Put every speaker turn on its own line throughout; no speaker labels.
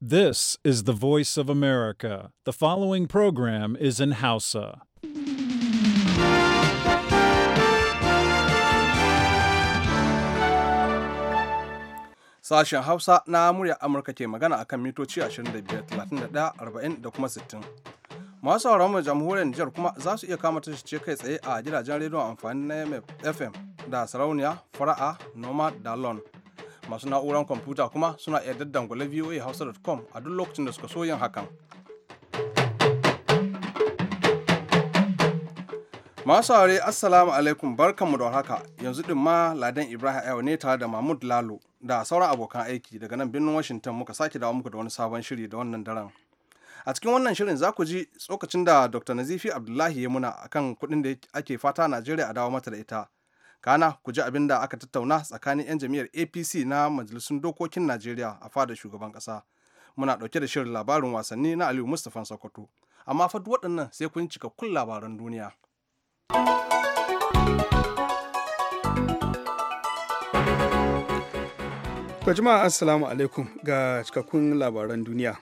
This is the voice of America. The following program is in Hausa.
Sashen Hausa na murya Amurka ke magana akan mitoci 25, 31, 40 da kuma sittin Masu sauraron mu jamhuriyar Nijar kuma za su iya kama ce kai tsaye a gidajen rediyon amfani na FM da sarauniya, fara'a, noma da lon. masu na'urar kwamfuta kuma suna iya hausa voa hausa.com a duk lokacin da suka so yin hakan masu aure assalamu alaikum barkanmu da haka yanzu din ma ladan ibrahim ayo ne tare da mahmud lalo da sauran abokan aiki daga nan birnin washington muka sake dawo muku da wani sabon shiri da wannan daren a cikin wannan shirin za ku ji tsokacin da dr nazifi abdullahi ya muna akan kuɗin da ake fata najeriya a dawo mata da ita kana ku ji abin da aka tattauna tsakanin 'yan jam'iyyar apc na majalisun dokokin najeriya a fada shugaban kasa muna ɗauke da shirin labarin wasanni na aliyu mustapha sokoto amma fa waɗannan sai kun cika kun labaran duniya
To jama'a assalamu alaikum ga cikakkun labaran duniya.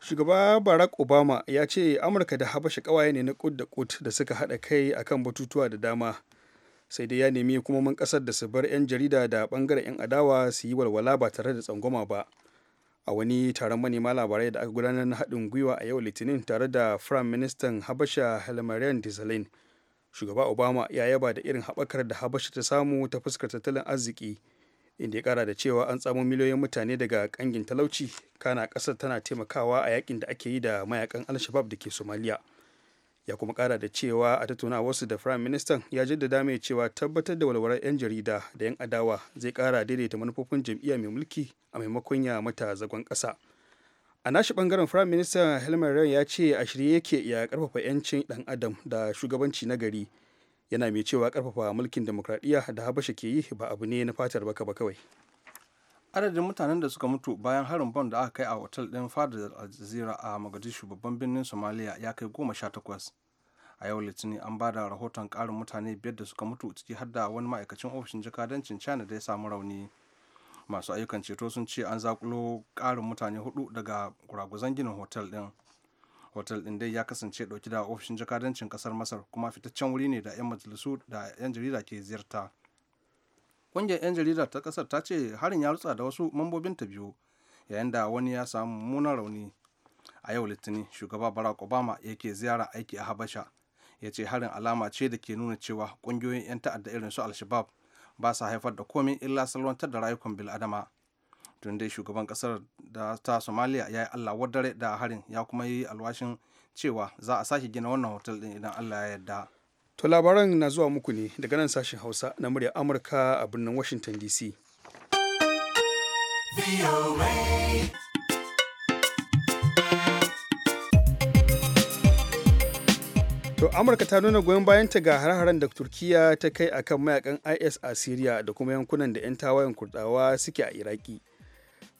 Shugaba Barack Obama ya ce Amurka da Habasha kawaye ne na kud da kud da suka haɗa kai akan batutuwa da dama sai dai ya nemi hukumomin kasar da su bar 'yan jarida da bangaren 'yan adawa su yi walwala ba tare da tsangwama ba a wani taron manema labarai da aka gudanar na haɗin gwiwa a yau litinin tare da firayim ministan habasha helmarian dizalin shugaba obama ya yaba da irin haɓakar da habasha ta samu ta fuskar tattalin arziki inda ya kara da cewa an tsamo miliyoyin mutane daga kangin talauci kana ƙasar tana taimakawa a yakin da ake yi da mayakan al da ke somaliya ya kuma kara da cewa a tattaunawarsu da prime ministan ya jaddada mai cewa tabbatar da walwalar 'yan jarida da 'yan adawa zai kara daidaita manufofin jam'iyya mai mulki a maimakon ya mata zagon kasa a nashi bangaren prime ministan helmer ryan ya ce a shirye yake ya karfafa 'yancin dan adam da shugabanci na gari yana mai cewa karfafa mulkin demokradiyya da habasha ke yi ba abu ne na fatar baka ba kawai
adadin mutanen da suka mutu bayan harin bom da aka kai a otal ɗin fadar aljazeera a magadishu babban birnin somalia ya kai goma sha takwas a yau litinin an ba da rahoton karin mutane biyar da suka mutu ciki har da wani ma'aikacin ofishin jakadancin china da ya samu rauni masu ayyukan ceto sun ce an zakulo karin mutane hudu daga kuraguzan ginin hotel din hotel din dai ya kasance dauki da ofishin jakadancin kasar masar kuma fitaccen wuri ne da 'yan majalisu da 'yan jarida ke ziyarta ƙungiyar 'yan jarida ta kasar ta ce harin ya rutsa da wasu ta biyu yayin da wani ya samu mummunan rauni a yau litinin shugaba barack obama yake ziyara aiki a habasha ya ce harin alama ce da ke nuna cewa ƙungiyoyin 'yan ta'adda irin su al-shabab ba sa haifar da komai illa salwantar da rayukan bil'adama tun dai shugaban kasar da ta somaliya ya yi allah wadare da harin ya kuma yi alwashin cewa za a sake gina wannan
hotel din idan allah ya yarda to labaran na zuwa muku ne daga nan sashen hausa na murya amurka a birnin washington dc To Amurka ta nuna goyon bayanta ga har-haren da turkiyya ta kai akan mayakan IS a Siriya da kuma yankunan da 'yan tawayen Kurdawa suke a Iraki.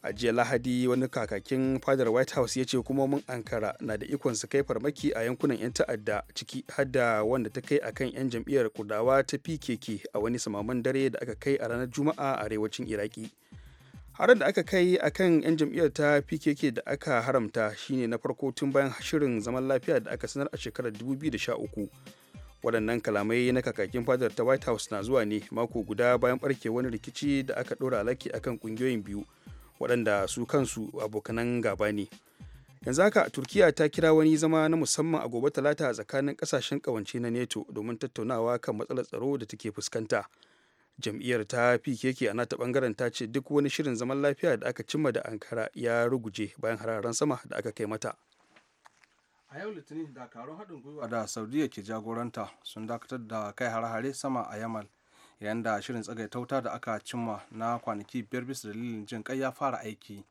A jiya Lahadi wani kakakin fadar White House ya ce kuma mun Ankara na da ikon su kai farmaki a yankunan 'yan ta'adda ciki hadda wanda ta kai akan 'yan jam'iyyar Kurdawa ta PKK a wani samaman dare da aka kai a ranar Juma'a a arewacin Iraki. harin da aka kai a kan 'yan jam'iyyar ta pkk da aka haramta shine na farko tun bayan shirin zaman lafiya da aka sanar a shekarar 2013 waɗannan kalamai na kakakin fadar ta white house na zuwa ne mako guda bayan barke wani rikici da aka ɗora alaki kan ƙungiyoyin biyu waɗanda su kansu abokanan gaba ne yanzu haka turkiya ta kira wani zama na musamman a gobe talata tsakanin ƙasashen kawance na neto domin tattaunawa kan matsalar tsaro da take fuskanta. jam'iyyar ta pkk a nata bangaren ta ce duk wani shirin zaman lafiya da aka cimma da ankara ya ruguje bayan hararren sama da aka kai mata
a yau litinin dakarun haɗin gwiwa da saudiya ke jagoranta sun dakatar da kai hare-hare sama a yamal yayin da shirin tsagaitauta da aka cimma na kwanaki biyar bisa dalilin jin kai ya fara aiki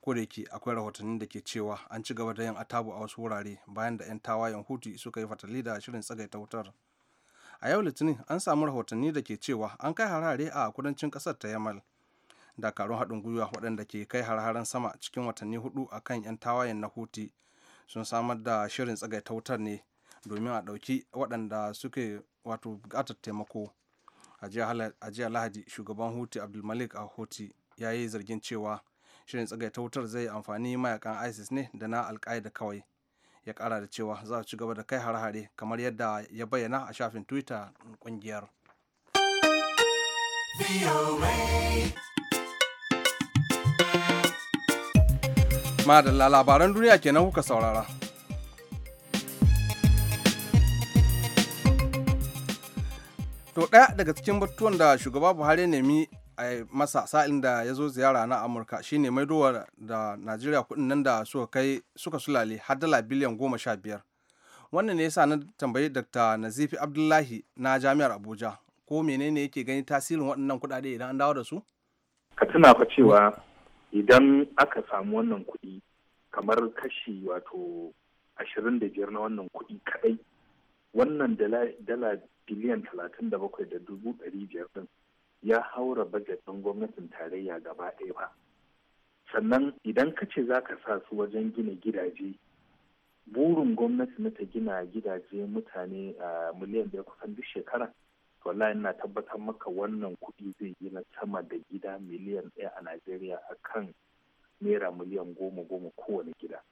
ko da yake akwai rahotanni da ke cewa an ci gaba da yin atabu a wasu wurare bayan da 'yan tawayen hutu suka yi fatali da shirin tsagaitautar a yau litinin an samu rahotanni da ke cewa an kai harare a kudancin kasar ta yamal dakarun haɗin gwiwa waɗanda ke kai harharen sama cikin watanni hudu a kan 'yan tawayen na huti sun samar da shirin tsagaita wutar ne domin a ɗauki waɗanda suke wato buƙatar taimako a jiya lahadi shugaban huti abdulmalik a huti ya yi zargin cewa shirin tsagaita wutar zai amfani mayakan isis ne da na alkaida kawai ya kara da cewa za ci gaba da kai hare-hare kamar yadda ya bayyana a shafin twitter kungiyar madalla labaran duniya kenan kuka saurara to ɗaya daga cikin batuwan da shugaba buhari nemi a masa sa'in da ya zo ziyara na amurka shine maidowa da najeriya kudin nan da suka kai suka sulale har dala biliyan goma sha biyar wannan ne yasa na tambayi dr nazifi abdullahi na jami'ar abuja ko menene yake gani tasirin waɗannan kuɗaɗe idan an dawo da su ka tuna fa cewa
idan aka samu wannan kuɗi kamar kashi wato ashirin da biyar na wannan kuɗi kaɗai wannan dala biliyan talatin da bakwai da dubu ɗari biyar ɗin ya haura bajetin gwamnatin tarayya gaba ɗaya ba sannan idan ka ce za ka sa su wajen gina gidaje burin gwamnati na ta gina gidaje mutane a miliyan biyar kusan duk shekara to wallahi na tabbatar maka wannan kuɗi zai gina sama da gida miliyan ɗaya a najeriya a kan naira miliyan goma goma kowane gida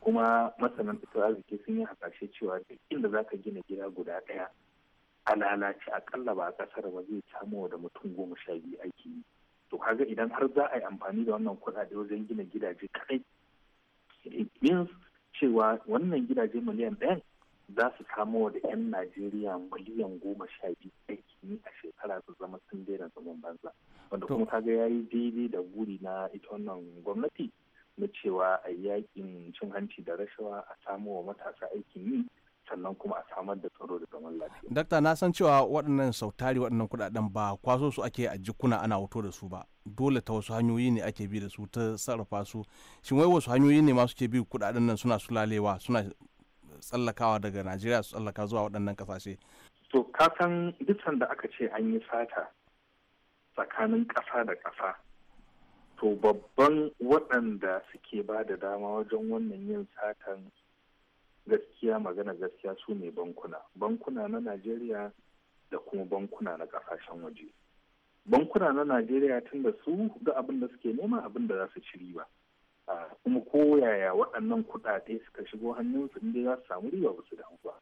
kuma masanan tattalin arziki sun yi hasashe cewa duk inda za ka gina gida guda ɗaya a lalace akalla ba a kasar ba zai samu da mutum goma sha biyu aiki ne. to kaga idan har za a yi amfani da wannan kuɗaɗe wajen gina gidaje kai it means cewa wannan gidaje miliyan ɗaya za su samu da 'yan Najeriya miliyan goma sha biyu aiki ne a shekara su zama sun daina zaman banza. Wanda kuma kaga ya yi daidai da buri na ita wannan gwamnati na cewa a yakin cin hanci da rashawa a samu wa matasa aikin yi sannan kuma a samar da tsaro da zaman lafiya.
Dakta na san cewa waɗannan sautari waɗannan kuɗaɗen ba kwaso su ake a jikuna ana wuto da su ba dole ta wasu hanyoyi ne ake bi da su ta sarrafa su shin wai wasu hanyoyi ne masu ke bi kuɗaɗen nan suna sulalewa suna tsallakawa daga Najeriya su tsallaka zuwa waɗannan ƙasashe.
To ka san duk sanda aka ce an yi sata tsakanin ƙasa da ƙasa to babban waɗanda suke ba da dama wajen wannan yin satan gaskiya magana gaskiya su ne bankuna bankuna na najeriya da kuma bankuna na kasashen waje bankuna na najeriya tun da su ga abin da suke nema abin da za su ci riba kuma ko yaya waɗannan kuɗaɗe suka shigo hannunsu inda za su samu riba ba su damu ba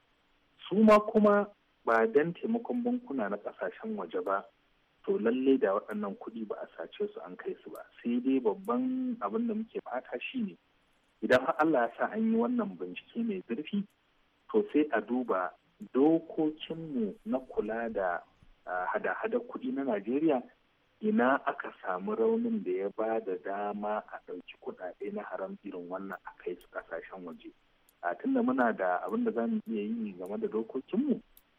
su ma kuma ba dan taimakon bankuna na kasashen waje ba to lallai da waɗannan kuɗi ba a sace su an kai su ba sai dai babban abin da muke fata shi ne. idan Allah ya sa an yi wannan bincike mai zurfi to sai a duba dokokinmu na kula da hada-hada kuɗi na Najeriya ina aka samu raunin da ya ba da dama a ɗauki kuɗaɗe na haram irin wannan a kai su ƙasashen waje. A tunda muna da abin da za mu iya yi game da dokokinmu,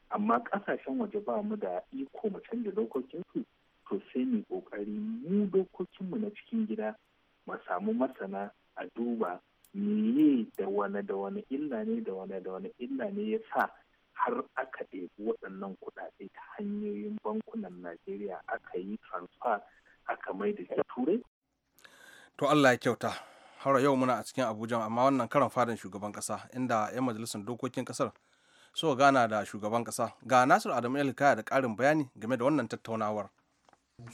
amma ƙasashen waje ba mu da iko mu canja dokokinsu, to sai mu ƙoƙari mu dokokinmu na cikin gida mu samu masana a duba meye da wane da wane illa ne da wane da wane illa ne ya sa har aka ɗebi waɗannan kuɗaɗe ta hanyoyin bankunan najeriya aka yi transfer aka mai da shi turai
to allah ya kyauta har yau muna a cikin abuja amma wannan karan fadan shugaban kasa inda 'yan majalisar dokokin kasar so gana da shugaban kasa ga nasiru adamu el da ƙarin bayani game da wannan tattaunawar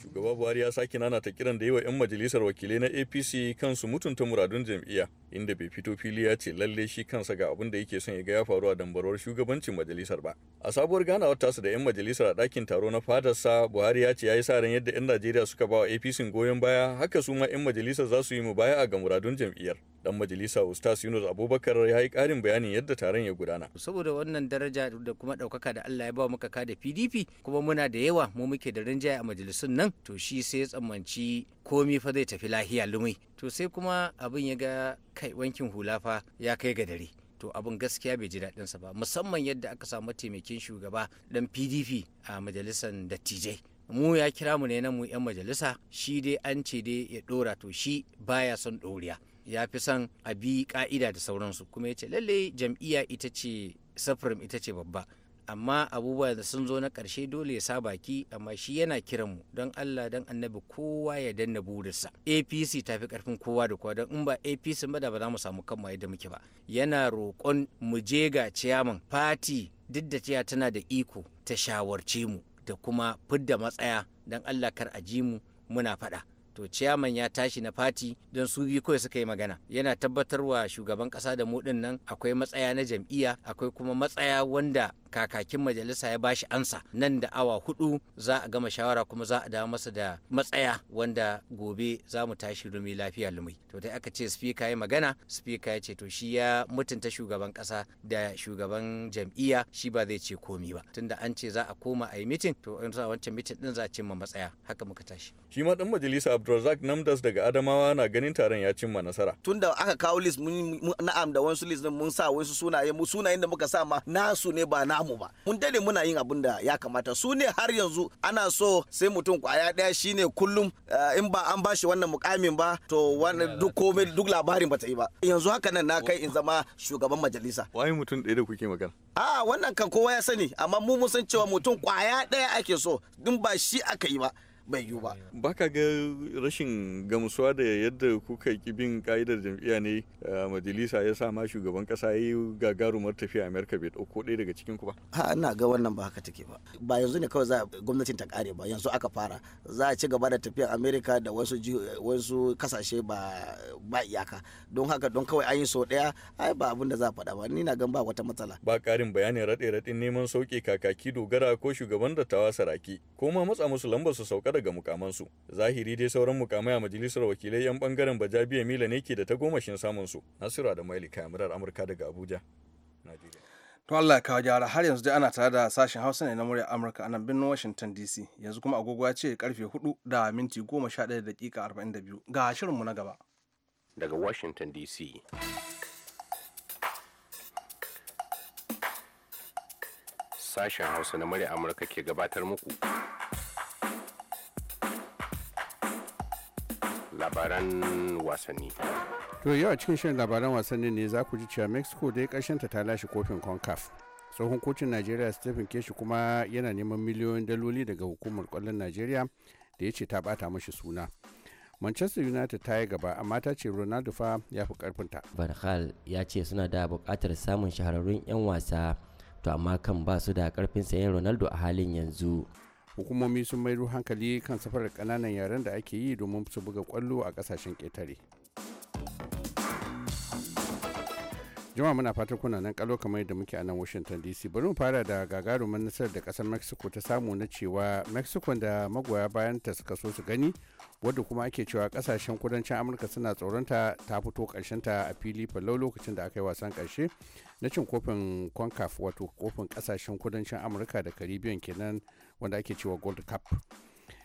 Shugaba Buhari ya sake nanata kiran da yi wa 'yan majalisar wakilai na APC kansu mutunta muradun jam'iyya inda bai fito fili ya ce lalle shi kansa ga abin da yake son ya ga ya faru a dambarwar shugabancin majalisar ba. A sabuwar ganawar tasu da 'yan majalisar a ɗakin taro na fadarsa Buhari ya ce ya yi sa ran yadda 'yan Najeriya suka ba wa APC goyon baya haka su ma 'yan majalisar za su yi mu baya ga muradun jam'iyyar. dan majalisa Ustaz Yunus Abubakar ya yi karin bayanin yadda taron ya gudana.
Saboda wannan daraja da kuma ɗaukaka da Allah ya ba muka ka da PDP kuma muna da yawa mu muke da rinjaye a majalisun nan to shi sai ya tsammanci komi fa zai tafi lahiya lumai to sai kuma abin ya ga kai wankin hula fa ya kai ga dare. to abin gaskiya bai ji daɗinsa ba musamman yadda aka samu mataimakin shugaba dan pdp a majalisan dattijai mu ya kira mu ne na mu 'yan majalisa shi dai an ce dai ya ɗora to shi baya son ɗoriya ya fi son a bi ka'ida da sauransu kuma ya ce lalle jam'iyya ita ce safirin ita ce babba amma abubuwa da sun zo na ƙarshe dole ya sa baki amma shi yana kiran mu don Allah don annabi kowa ya danna burinsa APC ta fi ƙarfin kowa da kowa don in ba APC ba da ba za mu samu kan mu yadda muke ba yana roƙon mu je ga ciyaman fati duk da cewa tana da iko ta shawarce mu da kuma fidda matsaya don Allah kar a ji mu muna faɗa to ciyaman ya tashi na fati don su biyu kawai suka yi magana yana tabbatarwa shugaban kasa da mudin nan akwai matsaya na jam'iyya akwai kuma matsaya wanda kakakin majalisa ya bashi ansa nan da awa hudu za a gama shawara kuma za a dawo masa da matsaya wanda gobe za mu tashi rumi lafiya lumai to dai aka ce spika ya magana spika ya ce to shi ya mutunta shugaban kasa da shugaban jam'iyya shi ba zai ce komi ba tunda an ce za a koma a yi mitin to an sa wancan mitin din za a cimma matsaya haka muka tashi
shi ma dan majalisa Abdulrazak Namdas daga Adamawa na ganin taron ya cimma nasara
tunda aka kawo list na'am da wasu list mun sa wasu sunaye mu sunayen da muka sa ma nasu ne ba namu samu ba mun dade muna yin abin da ya kamata su ne har yanzu ana so sai mutum kwaya daya shine kullum eh, in ba an bashi wannan mukamin ba to wani duk komai duk labarin ba ta yi ba yanzu haka nan na kai in zama shugaban majalisa
wai mutum ɗaya da kuke magana
a wannan kan kowa ya sani amma mu mun san cewa mutum kwaya daya ake so din ba shi aka yi ba bai yiwu ba
baka ga rashin gamsuwa da yadda kuka ki bin ka'idar jam'iyya ne eh, majalisa ya sa ma shugaban kasa ya yi gagarumar tafiya amerika bai dauko ɗaya daga cikin ku ba
ha ina ga wannan ba haka take ba
ba yanzu ne kawai za gwamnatin ta kare ba yanzu aka
fara za a ci gaba da tafiyar amerika da wasu wasu kasashe ba ba iyaka don haka don kawai an yi so ɗaya ai ba abin da za a faɗa ba ni na gan ba wata matsala
ba karin bayanin raɗe-raɗin neman sauke kakaki dogara ko shugaban dattawa saraki ko ma matsa musu lambar su saukar daga mukamansu zahiri dai sauran mukamai a majalisar wakilai yan bangaren bajabiya mila ne ke da tagomashin samun su nasiru da maili kamarar amurka daga abuja to allah
kawo gyara har yanzu dai ana tare da sashen hausa ne na murya amurka a nan birnin washington dc yanzu kuma agogo ya ce karfe 4 da minti 11 dakika 42 ga shirinmu na gaba daga
washington dc sashen hausa na murya amurka ke gabatar muku labaran wasanni. To yau a cikin shirin labaran wasanni ne za ku ji cewa Mexico dai ƙarshenta ta lashe kofin CONCACAF. Tsohon kocin Najeriya Stephen Keshi kuma yana neman miliyoyin daloli daga hukumar kwallon Najeriya da ya ce ta bata mashi suna. Manchester United ta yi gaba amma ta ce Ronaldo fa
ya fi karfinta. Barhal ya ce suna da bukatar samun shahararrun 'yan wasa to amma kan ba su da karfin sayan Ronaldo a halin yanzu.
hukumomi sun mai hankali kan safarar kananan yaren da ake yi domin su buga kwallo a kasashen ƙetare jama'a muna fatan kuna nan kalo kamar yadda muke a nan washington dc bari mu fara da gagarumin nasarar da kasar mexico ta samu na cewa mexico da magoya bayan ta suka so su gani wadda kuma ake cewa kasashen kudancin amurka suna tsoronta ta fito karshen ta a fili fallau lokacin da aka yi wasan karshe na cin kofin concaf wato kofin kasashen kudancin amurka da caribbean kenan wanda ake cewa gold cup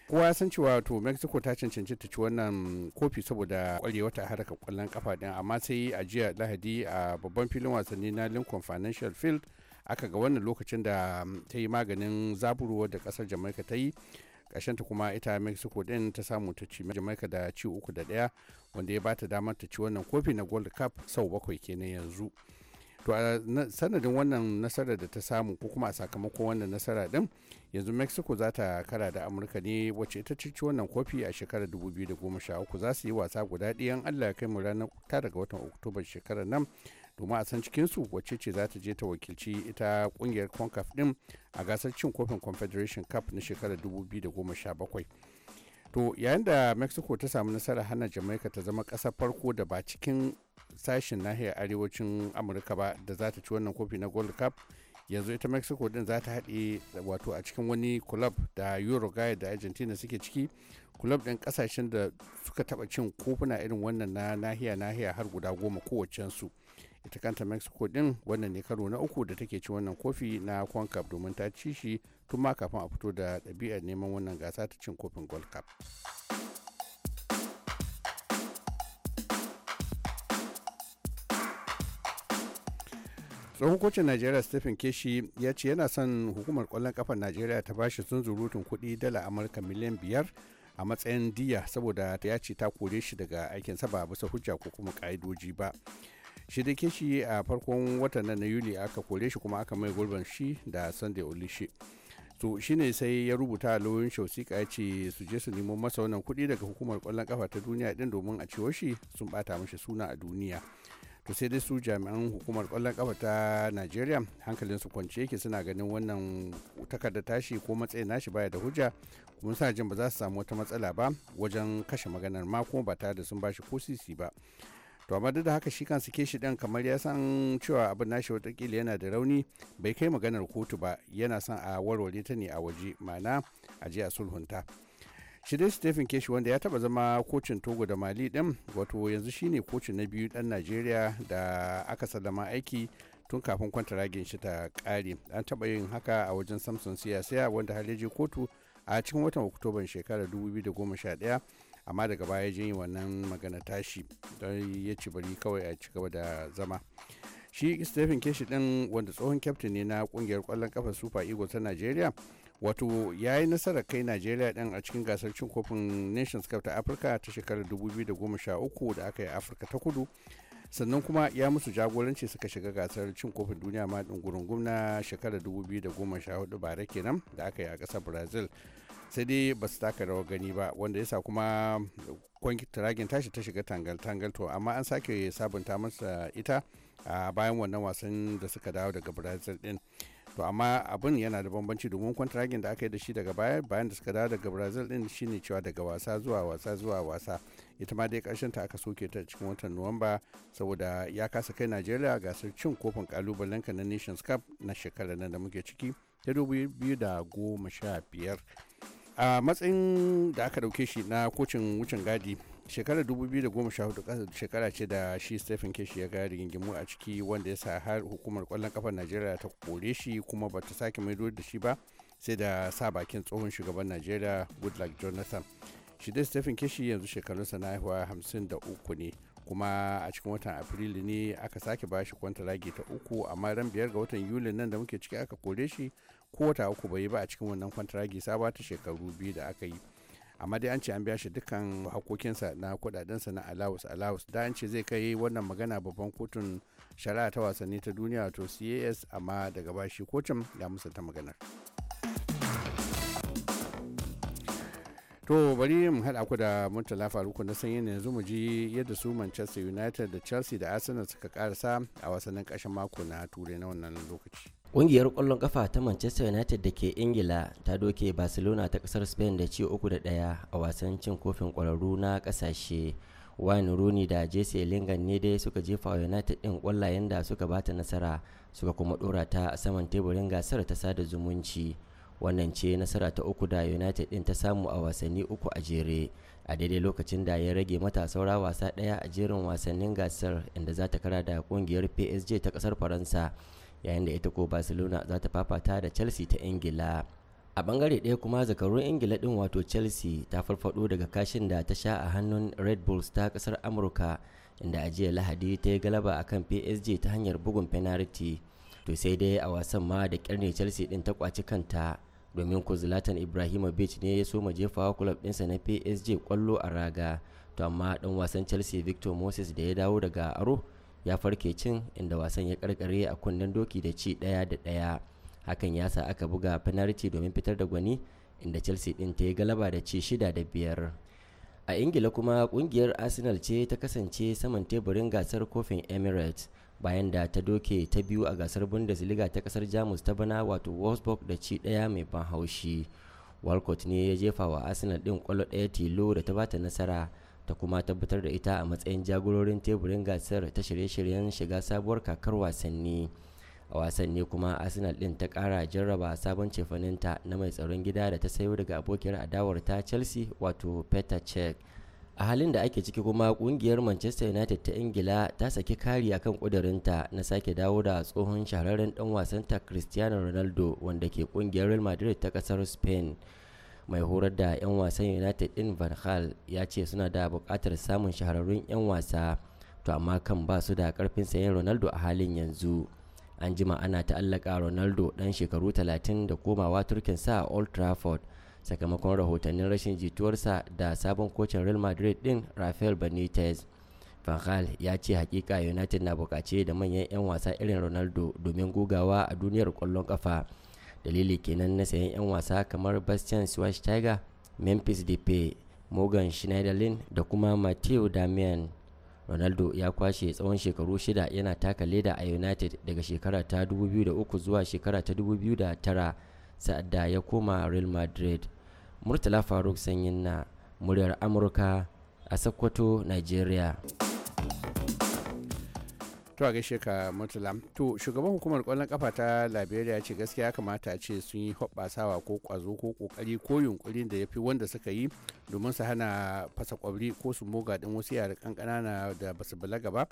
kowa ya san cewa to mexico ta cancanci ta ci wannan kofi saboda kwarewa ta haraka kwallon kafa din amma sai a jiya lahadi a babban filin wasanni na lincoln financial field aka ga wannan lokacin da mm, ta yi maganin zaburuwar da kasar jamaica ta yi ta kuma ita mexico din ta samu ta ci jamaica da ci uku da daya wanda ya bata damar ta ci wannan kofi na gold cup sau bakwai kenan yanzu to a sanadin wannan nasarar da ta samu ko kuma a sakamakon wannan nasara din yanzu mexico za ta kara da amurka ne wacce ita cici wannan kofi a shekarar 2013 za su yi wasa guda ɗayan allah ya kai mu ranar ta daga watan oktoba shekarar nan domin a san cikinsu wacce ce za ta je ta wakilci ita kungiyar concaf din a gasar cin kofin confederation cup na shekarar 2017 to yayin da mexico ta samu nasarar hana jamaica ta zama ƙasar farko da ba cikin sashen nahiyar arewacin amurka ba da za ta ci wannan kofi na gold cup yanzu ita mexico din za ta haɗe wato a cikin wani club da uruguay da argentina suke ciki club ɗin kasashen da suka taba cin kofuna irin wannan na nahiya nahiya har guda goma kowacensu ita kanta mexico din wannan ne karo na uku da take ci wannan kofi na corn cup domin ta ci shi tun ma kafin a fito da ɗabi'ar neman wannan gasa ta cin kofin gold cup tsohon kocin najeriya stephen keshi ya ce yana son hukumar kwallon kafar najeriya ta ba bashi zunzurutun kudi dala amurka miliyan biyar a matsayin diya saboda ya ce ta kore shi daga aikinsa ba bisa hujja ko kuma ka'idoji ba shi da a farkon watan nan na yuli aka kore shi kuma aka mai gurban shi da sunday olishe to shine sai ya rubuta a lauyin shausi ya ce su je su nemo masa wannan kuɗi daga hukumar kwallon kafa ta duniya din domin a cewa shi sun bata mashi suna a duniya to sai dai su jami'an hukumar kwallon kafa ta nigeria hankalin su kwance yake suna ganin wannan takarda tashi ko matsayin nashi baya da hujja kuma suna jin ba za su samu wata matsala ba wajen kashe maganar ma kuma ba tare da sun bashi ko sisi ba to amma duk da haka shi kansu keshi ɗin kamar ya san cewa abin nashi watakila yana da rauni bai kai maganar kotu ba yana son a warware ta ne a waje ma'ana a je a sulhunta shi dai stephen keshi wanda ya taba zama kocin togo da mali din wato yanzu shine kocin na biyu dan najeriya da aka sallama aiki tun kafin kwanta ragin shi ta kare an taba yin haka a wajen samson siyasa wanda har ya je kotu a cikin watan oktoban shekarar 2011 amma daga baya jin wannan magana tashi don ya ci bari kawai a ci gaba da zama shi stephen keshi din wanda tsohon kyaftin ne na kungiyar kwallon kafa super eagles ta nigeria wato ya yi nasarar kai nigeria din a cikin gasar cin kofin nations cup ta afirka ta shekarar 2013 da aka yi afirka ta kudu sannan kuma ya musu jagoranci suka shiga gasar cin kofin duniya ma din gurungum na shekarar 2014 bara kenan da aka yi a kasar brazil sai dai ba su taka rawar gani ba wanda yasa kuma kwangin tashi ta shiga tangal-tangal to amma an sake sabunta masa ita a bayan wannan wasan da suka dawo daga brazil din to amma abin yana da bambanci domin kwantiragin da aka yi da shi daga baya bayan da suka dawo daga brazil din shine cewa daga wasa zuwa wasa zuwa wasa ita ma dai karshen ta aka soke ta cikin watan nuwamba saboda ya kasa kai najeriya gasar cin kofin kalubalen na nations cup na shekarar nan da muke ciki ta da goma sha biyar. a matsayin da aka dauke shi na kocin wucin gadi shekarar 2014 shekara ce da shi stephen keshi ya gari gingimu a ciki wanda ya sa har hukumar kwallon kafar najeriya ta kore shi kuma ba ta sake maido da shi ba sai da sa bakin tsohon shugaban najeriya goodluck jonathan shi da stephen keshi yanzu shekarunsa na haihuwa 53 ne kuma a cikin watan afrilu ne aka sake ba shi kwantaragi ta uku amma ran biyar ga watan yuli nan da muke ciki aka kore shi kota uku bai ba a cikin wannan kwantaragi saba ta shekaru biyu da aka yi amma dai an ce an biya shi dukkan hakokinsa na kudadensa na alawus alawus da an ce zai kai wannan magana babban kotun shari'a ta wasanni ta duniya to cas amma daga bashi kotun ya musa ta maganar. to bari mu haɗa ku da murtala faruku na sanyi yanzu mu ji yadda su manchester united da chelsea da arsenal suka karasa a wasannin ƙarshen mako na turai na wannan lokaci
Ƙungiyar ƙwallon ƙafa ta Manchester United da ke Ingila ta doke Barcelona ta ƙasar Spain da ci uku da ɗaya a wasan cin kofin ƙwararru na ƙasashe. Wayne Rooney da Jesse Lingard ne dai suka jefa wa United ɗin ƙwallayen da suka bata nasara suka kuma ɗora ta a saman teburin gasar ta sada zumunci. wannan ce nasara ta uku da united din ta samu a wasanni uku a jere a daidai lokacin da ya rage mata saura wasa daya a jerin wasannin gasar inda za ta kara da kungiyar psg ta kasar faransa yayin da ita ko barcelona za ta fafata da chelsea ta ingila a bangare ɗaya kuma zakarun ingila din wato chelsea ta farfado daga kashin da ta sha a hannun red bulls ta kasar amurka inda a jiya lahadi ta yi galaba a kan psg ta hanyar bugun penalty to sai dai a wasan ma da kyar ne chelsea din ta kwaci kanta domin ko zlatan ibrahimovic ne ya so ma jefawa kulab ɗinsa na psg kwallo a raga to amma dan wasan chelsea victor moses da ya dawo daga aro ya farke cin inda wasan ya karkare a kunnen doki da ci daya da daya hakan ya sa aka buga penalty domin fitar da gwani inda chelsea din ta yi galaba da ci shida da biyar a ingila kuma kungiyar arsenal ce ta kasance saman teburin gasar kofin emirates bayan da ta doke ta biyu a gasar bundesliga ta kasar jamus ta bana wato wolfsburg da ci daya mai ban haushi walcott ne ya jefa wa arsenal din kwallo daya tilo da ta bata nasara ta kuma tabbatar da ita a matsayin jagororin teburin gasar ta shirye-shiryen shiga sabuwar kakar wasanni a wasanni kuma arsenal din ta kara jarraba sabon cefaninta na mai tsaron gida da ta sayo daga abokiyar adawar ta chelsea wato peter check a halin da ake ciki kuma kungiyar manchester united ta ingila ta saki kari a akan kudurinta na sake dawo da tsohon shahararren dan wasanta cristiano ronaldo wanda ke kungiyar real madrid ta kasar spain mai horar da 'yan wasan united din van hal ya ce suna da bukatar samun shahararrun 'yan wasa to amma kan ba su da karfin sayan ronaldo a halin yanzu an jima ana ta'allaka ronaldo dan shekaru 30 da komawa turkin sa a old trafford sakamakon rahotannin rashin jituwarsa da sabon kocin real madrid din rafael benitez fahal ya ce hakika united na bukace da manyan 'yan wasa irin ronaldo domin gugawa a duniyar kwallon kafa dalili kenan na sayan 'yan wasa kamar bastian schweinsteiger memphis depay morgan schneiderlin da kuma mateo damian ronaldo ya kwashe tsawon shekaru shida yana taka leda a united daga shekara ta 2003 zuwa shekara ta 2009 sa'adda ya koma real madrid murtala faruk sanyin na muryar amurka a sokoto nigeria
to a gaishe ka murtala to shugaban hukumar kwallon kafa ta liberia ce gaskiya kamata ce sun yi hoɓɓasawa ko ƙwazo ko ƙoƙari ko yunkurin da ya fi wanda suka yi domin su hana fasa ƙwabri ko su moga din wasu yare kankana da basu balaga ba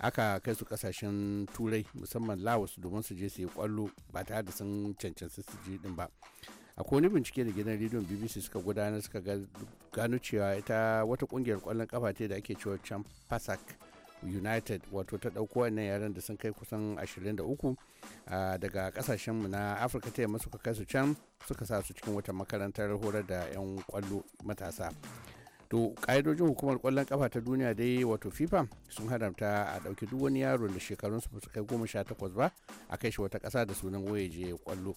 aka kai su kasashen turai musamman laos domin su je su yi kwallo ba tare da sun cancanci su je din ba akwai wani bincike da gidan rediyon bbc suka gudanar suka gano cewa ita wata kungiyar kwallon kafa ce da ake cewa champ pasak united wato ta ɗauko wannan yaren da sun kai kusan 23 daga mu na afirka ta yamma suka kai su can suka sa su cikin wata makarantar horar da 'yan kwallo matasa to ƙa'idojin hukumar kwallon kafa ta duniya dai wato fifa sun haramta a ɗauki duk wani yaro da shekarunsu basu su kai goma sha takwas ba a kai shi wata ƙasa da sunan waye je kwallo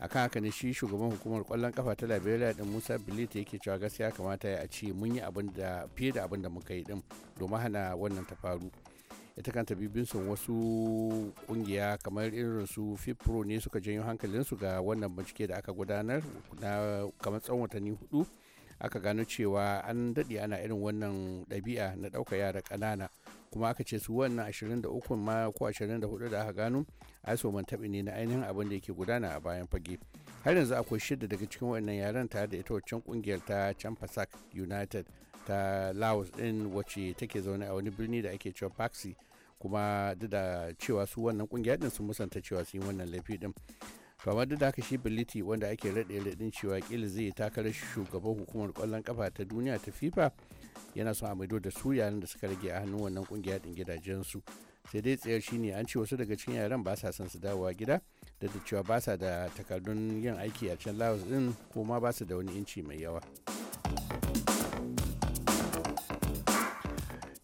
kan haka ne shi shugaban hukumar kwallon kafa ta liberia din musa bilita yake cewa gaskiya kamata ya ce mun yi abin da fiye da abin da muka yi din domin hana wannan ta faru ita kanta sun wasu kungiya kamar irin su fipro ne suka janyo hankalinsu ga wannan bincike da aka gudanar na kamar tsawon watanni hudu aka gano cewa an daɗe ana irin wannan ɗabi'a na ɗauka yara ƙanana kuma aka ce su wannan 23 ma ko 24 da aka gano aiso man taɓi ne na ainihin abin da yake gudana a bayan fage har yanzu akwai shida daga cikin wannan yaran tare da ita waccan kungiyar ta champasak united ta laos din wacce take zaune a wani birni da ake cewa paxi kuma duk da cewa su wannan kungiyar din sun musanta cewa su yi wannan laifi din kamar duk da haka shi biliti wanda ake raɗe radin cewa kila zai takarar shugaban hukumar kwallon kafa ta duniya ta fifa yana son a maido da su yaran da suka rage a hannun wannan kungiya din su sai dai tsayar shine an ce wasu daga cikin yaran ba sa son su dawowa gida da da cewa ba sa da takardun yin aiki a can laos din ko ma ba su da wani inci mai yawa.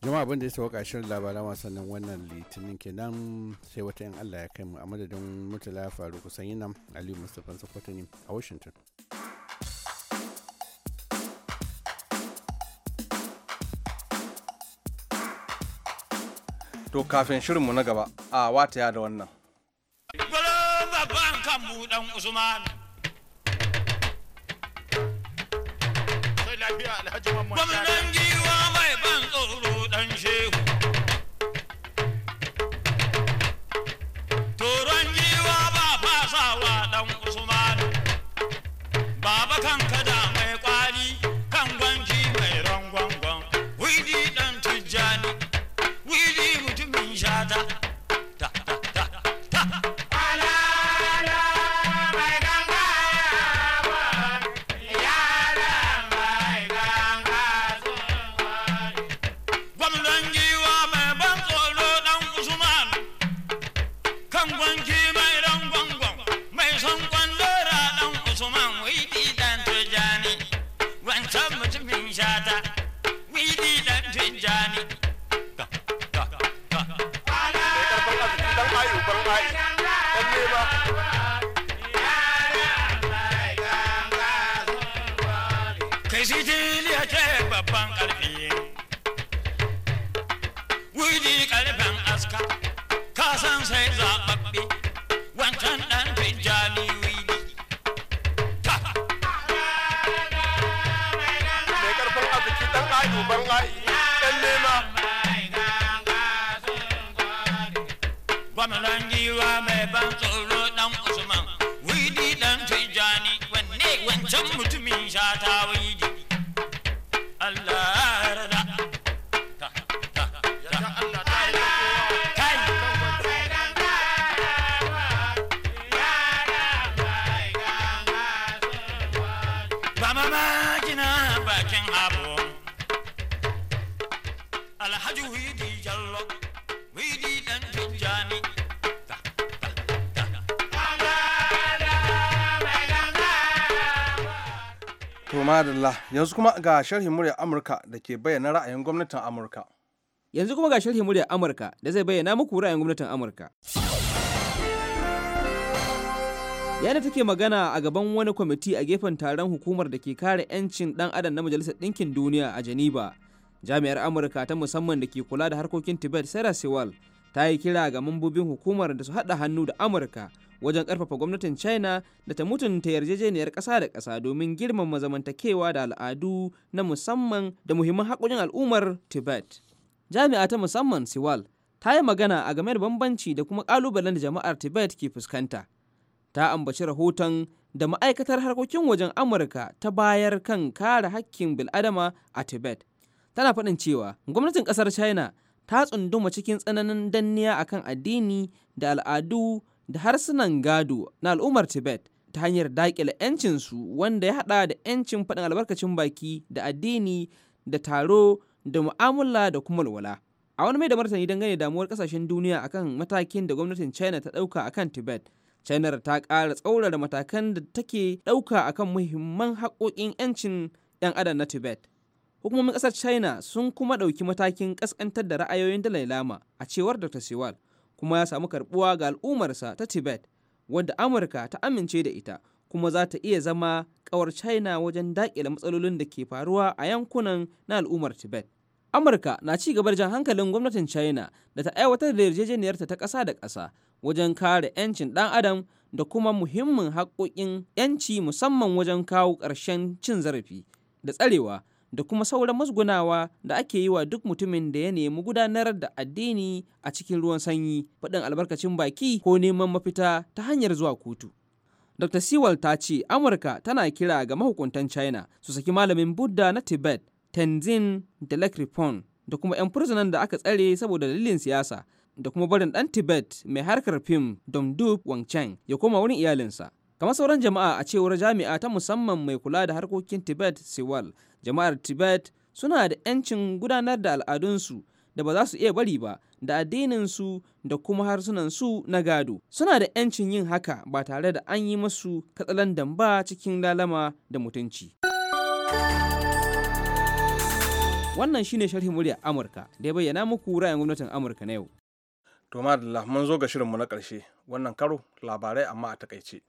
jama'a abin da ya sauka shirin labaran wasannin wannan litinin kenan sai wata yan allah ya kai mu a madadin mutala faru kusan yana aliyu mustapha sakwatani a washington
to kafin shirinmu na gaba a ya da wannan
Gwamnan gi ban karfe wuri karfen aska kasan sai zaɓaɓɓe
To madalla yanzu kuma ga sharhin murya Amurka da ke bayyana ra'ayin gwamnatin Amurka. Yanzu kuma ga sharhin murya Amurka da zai bayyana muku ra'ayin gwamnatin Amurka.
Yana take magana a gaban wani kwamiti a gefen taron hukumar da ke kare 'yancin ɗan adam na Majalisar Ɗinkin Duniya a Geneva. Jami'ar Amurka ta musamman da ke kula da harkokin Tibet Sarah Sewall ta yi kira ga mambobin hukumar da su haɗa hannu da amurka wajen karfafa gwamnatin china da ta mutunta yarjejeniyar ƙasa da ƙasa domin girmama zamantakewa da al'adu na musamman da muhimman haƙoƙin al'ummar tibet jami'a ta musamman siwal ta yi magana a game da bambanci da kuma ƙalubalen da jama'ar tibet ke fuskanta ta ambaci rahoton da ma'aikatar harkokin wajen amurka ta bayar kan kare haƙƙin bil'adama a tibet tana faɗin cewa gwamnatin ƙasar china ta tsunduma cikin tsananin danniya akan addini da al'adu da harsunan gado na al'ummar tibet ta hanyar daƙile 'yancinsu wanda ya haɗa da 'yancin faɗin albarkacin baki da addini da taro da mu'amala da kuma walwala a wani mai da martani dangane damuwar ƙasashen duniya akan matakin da gwamnatin china ta ɗauka akan tibet china ta ƙara tsaurara matakan da take ɗauka akan muhimman haƙoƙin 'yancin 'yan adam na tibet hukumomin kasar china sun kuma dauki matakin kaskantar da ra'ayoyin dalai lama a cewar dr sewal kuma ya samu karbuwa ga al'ummarsa ta tibet wadda amurka ta amince da ita kuma za ta iya zama kawar china wajen daƙile matsalolin da ke faruwa a yankunan na al'ummar tibet amurka na ci gabar jan hankalin gwamnatin china da ta aiwatar da yarjejeniyarta ta ƙasa da kasa wajen kare 'yancin ɗan adam da kuma muhimmin haƙoƙin 'yanci musamman wajen kawo ƙarshen cin zarafi da tsarewa da kuma sauran musgunawa da ake yi wa duk mutumin da ya nemi gudanar da addini a cikin ruwan sanyi faɗin albarkacin baki ko neman mafita ta hanyar zuwa kotu. Dr. siwal ta ce Amurka tana kira ga mahukuntan China su saki malamin Buddha na Tibet, Tenzin da Lekripon da kuma 'yan fursunan da aka tsare saboda dalilin siyasa da kuma barin ɗan Tibet mai harkar fim Domduk Wangchang ya koma wurin iyalinsa. kamar sauran jama'a a cewar jami'a ta musamman mai kula da harkokin tibet sewal jama'ar tibet suna da 'yancin gudanar da al'adunsu da ba za su iya bari ba da addininsu da kuma harsunansu na gado suna da 'yancin yin haka ba tare da an yi masu katsalandan ba cikin lalama da mutunci
wannan shine sharhin murya amurka da ya bayyana muku ra'ayin gwamnatin amurka na yau to madalla mun zo ga shirinmu na karshe wannan karo labarai amma a takaice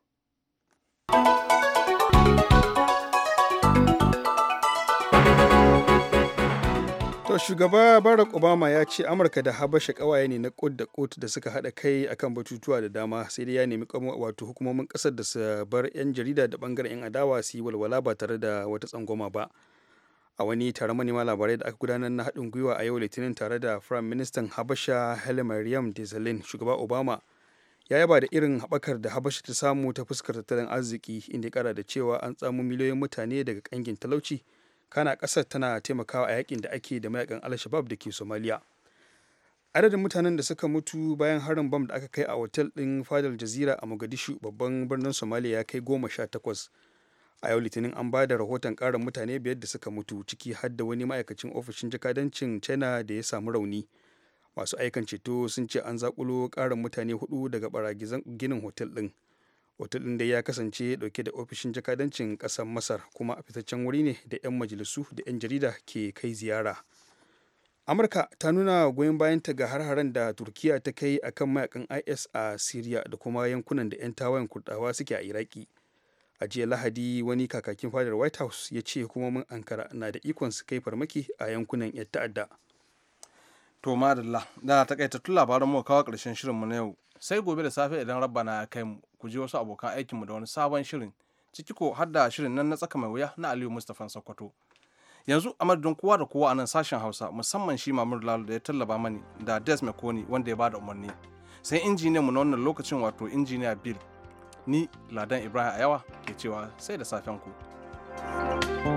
shugaba Barack Obama ya ce Amurka da Habasha kawaye ne na kud da kud da suka hada kai akan batutuwa da dama sai dai ya nemi wato hukumomin kasar da su bar 'yan jarida da bangaren 'yan adawa su yi walwala ba tare da wata tsangwama ba. A wani taron manema labarai da aka gudanar na haɗin gwiwa a yau Litinin tare da prime Ministan Habasha Helen Mariam Desalegn shugaba Obama ya yaba da irin haɓakar da habasha ta samu ta fuskar tattalin arziki inda ya kara da cewa an tsamo miliyoyin mutane daga kangin talauci kana ƙasar tana taimakawa a yakin da ake da mayakan al da ke somaliya adadin mutanen da suka mutu bayan harin bam da aka kai a otel ɗin fadal jazira a mogadishu babban birnin somaliya ya kai goma sha takwas a yau litinin an ba da rahoton ƙarin mutane biyar da suka mutu ciki har da wani ma'aikacin ofishin jakadancin china da ya samu rauni masu aikan ceto sun ce an zakulo karin mutane hudu daga baragizan ginin hotel din hotel din da ya kasance dauke da ofishin jakadancin kasar masar kuma a fitaccen wuri ne da 'yan majalisu da 'yan jarida ke kai ziyara amurka ta nuna goyon ta ga har-haren da turkiya ta kai a kan mayakan is a syria da kuma yankunan da 'yan tawayen kurdawa suke a iraki a jiya lahadi wani kakakin fadar white house ya ce hukumomin ankara na da ikon su kai farmaki a yankunan 'yan ta'adda To madalla da
tun labaran mu kawo ƙarshen shirinmu na yau. Sai gobe da safe idan rabba ya kai mu ku je wasu abokan aikin mu da wani sabon shirin. Ciki ko har da shirin nan na tsaka mai wuya na Aliyu Mustapha Sokoto. Yanzu a madadin kowa da kowa a nan sashen Hausa musamman shi Mamur lalu da ya tallaba mani da Des Mekoni wanda ya bada umarni. Sai injiniyan mu na wannan lokacin wato injiniya Bill. Ni Ladan Ibrahim Ayawa ke cewa sai da safen ku. thank